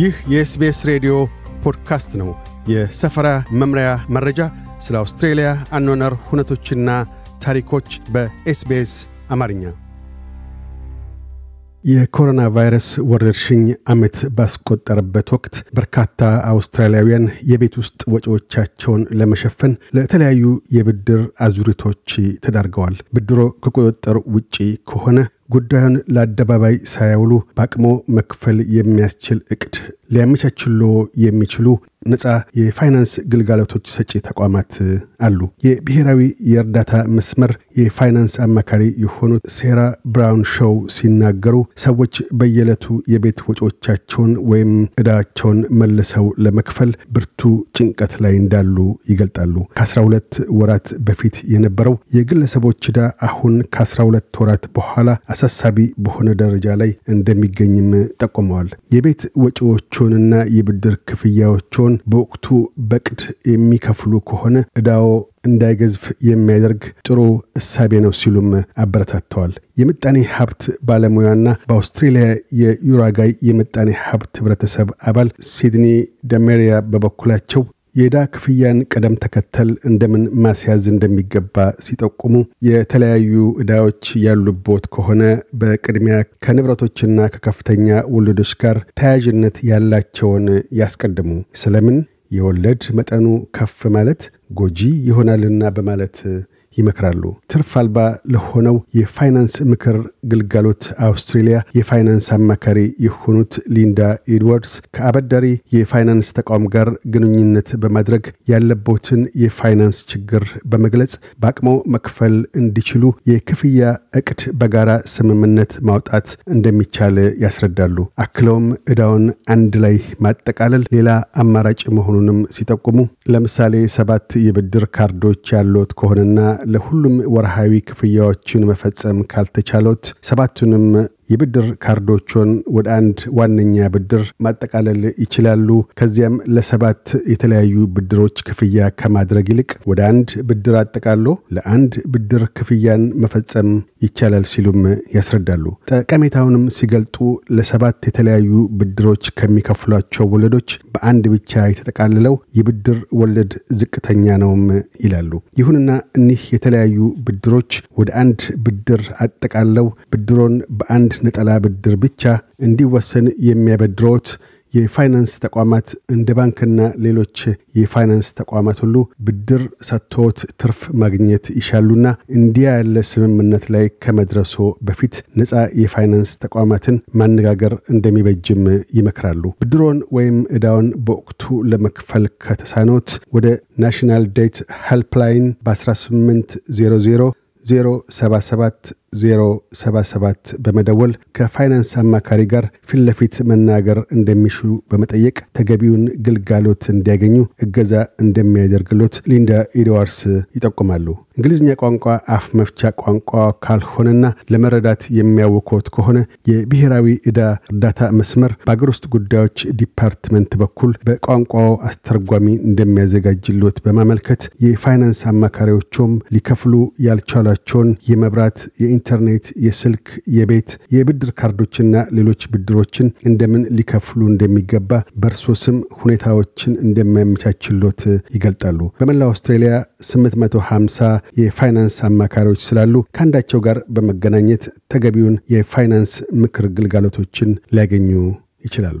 ይህ የኤስቤስ ሬዲዮ ፖድካስት ነው። የሰፈራ መምሪያ መረጃ፣ ስለ አውስትሬልያ አኗነር ሁነቶችና ታሪኮች በኤስቤስ አማርኛ። የኮሮና ቫይረስ ወረርሽኝ አመት ባስቆጠረበት ወቅት በርካታ አውስትራሊያውያን የቤት ውስጥ ወጪዎቻቸውን ለመሸፈን ለተለያዩ የብድር አዙሪቶች ተዳርገዋል። ብድሮ ከቁጥጥር ውጪ ከሆነ ጉዳዩን ለአደባባይ ሳያውሉ በአቅሞ መክፈል የሚያስችል እቅድ ሊያመቻችሎ የሚችሉ ነጻ የፋይናንስ ግልጋሎቶች ሰጪ ተቋማት አሉ። የብሔራዊ የእርዳታ መስመር የፋይናንስ አማካሪ የሆኑት ሴራ ብራውን ሾው ሲናገሩ ሰዎች በየዕለቱ የቤት ወጪዎቻቸውን ወይም እዳቸውን መልሰው ለመክፈል ብርቱ ጭንቀት ላይ እንዳሉ ይገልጣሉ። ከ12 ወራት በፊት የነበረው የግለሰቦች ዕዳ አሁን ከ12 ወራት በኋላ አሳሳቢ በሆነ ደረጃ ላይ እንደሚገኝም ጠቁመዋል። የቤት ወጪዎቹንና የብድር ክፍያዎቹን ዕዳውን በወቅቱ በቅድ የሚከፍሉ ከሆነ እዳው እንዳይገዝፍ የሚያደርግ ጥሩ እሳቤ ነው ሲሉም አበረታተዋል። የምጣኔ ሀብት ባለሙያና በአውስትሬልያ የዩራጋይ የምጣኔ ሀብት ህብረተሰብ አባል ሲድኒ ደሜሪያ በበኩላቸው የዕዳ ክፍያን ቅደም ተከተል እንደምን ማስያዝ እንደሚገባ ሲጠቁሙ የተለያዩ ዕዳዎች ያሉቦት ከሆነ በቅድሚያ ከንብረቶችና ከከፍተኛ ወለዶች ጋር ተያያዥነት ያላቸውን ያስቀድሙ። ስለምን የወለድ መጠኑ ከፍ ማለት ጎጂ ይሆናልና በማለት ይመክራሉ። ትርፍ አልባ ለሆነው የፋይናንስ ምክር ግልጋሎት አውስትሬሊያ የፋይናንስ አማካሪ የሆኑት ሊንዳ ኤድዋርድስ ከአበዳሪ የፋይናንስ ተቋም ጋር ግንኙነት በማድረግ ያለቦትን የፋይናንስ ችግር በመግለጽ በአቅሞ መክፈል እንዲችሉ የክፍያ እቅድ በጋራ ስምምነት ማውጣት እንደሚቻል ያስረዳሉ። አክለውም ዕዳውን አንድ ላይ ማጠቃለል ሌላ አማራጭ መሆኑንም ሲጠቁሙ ለምሳሌ ሰባት የብድር ካርዶች ያሉት ከሆነና ለሁሉም ወርሃዊ ክፍያዎችን መፈጸም ካልተቻሎት ሰባቱንም የብድር ካርዶችን ወደ አንድ ዋነኛ ብድር ማጠቃለል ይችላሉ። ከዚያም ለሰባት የተለያዩ ብድሮች ክፍያ ከማድረግ ይልቅ ወደ አንድ ብድር አጠቃሎ ለአንድ ብድር ክፍያን መፈጸም ይቻላል ሲሉም ያስረዳሉ። ጠቀሜታውንም ሲገልጡ ለሰባት የተለያዩ ብድሮች ከሚከፍሏቸው ወለዶች በአንድ ብቻ የተጠቃለለው የብድር ወለድ ዝቅተኛ ነውም ይላሉ። ይሁንና እኒህ የተለያዩ ብድሮች ወደ አንድ ብድር አጠቃለው ብድሮን በአንድ አንድ ነጠላ ብድር ብቻ እንዲወሰን የሚያበድሮት የፋይናንስ ተቋማት እንደ ባንክና ሌሎች የፋይናንስ ተቋማት ሁሉ ብድር ሰጥቶት ትርፍ ማግኘት ይሻሉና እንዲያ ያለ ስምምነት ላይ ከመድረሶ በፊት ነፃ የፋይናንስ ተቋማትን ማነጋገር እንደሚበጅም ይመክራሉ። ብድሮን ወይም እዳውን በወቅቱ ለመክፈል ከተሳኖት ወደ ናሽናል ዴት ሄልፕላይን በ1800 077 077 በመደወል ከፋይናንስ አማካሪ ጋር ፊት ለፊት መናገር እንደሚሹ በመጠየቅ ተገቢውን ግልጋሎት እንዲያገኙ እገዛ እንደሚያደርግሎት ሊንዳ ኢድዋርስ ይጠቁማሉ። እንግሊዝኛ ቋንቋ አፍ መፍቻ ቋንቋ ካልሆነና ለመረዳት የሚያውኮት ከሆነ የብሔራዊ ዕዳ እርዳታ መስመር በአገር ውስጥ ጉዳዮች ዲፓርትመንት በኩል በቋንቋው አስተርጓሚ እንደሚያዘጋጅሎት በማመልከት የፋይናንስ አማካሪዎቹም ሊከፍሉ ያልቻሏቸውን የመብራት የኢንተርኔት፣ የስልክ፣ የቤት፣ የብድር ካርዶችና ሌሎች ብድሮችን እንደምን ሊከፍሉ እንደሚገባ በእርሶ ስም ሁኔታዎችን እንደሚያመቻችሎት ይገልጣሉ። በመላ አውስትራሊያ 850 የፋይናንስ አማካሪዎች ስላሉ ከአንዳቸው ጋር በመገናኘት ተገቢውን የፋይናንስ ምክር ግልጋሎቶችን ሊያገኙ ይችላሉ።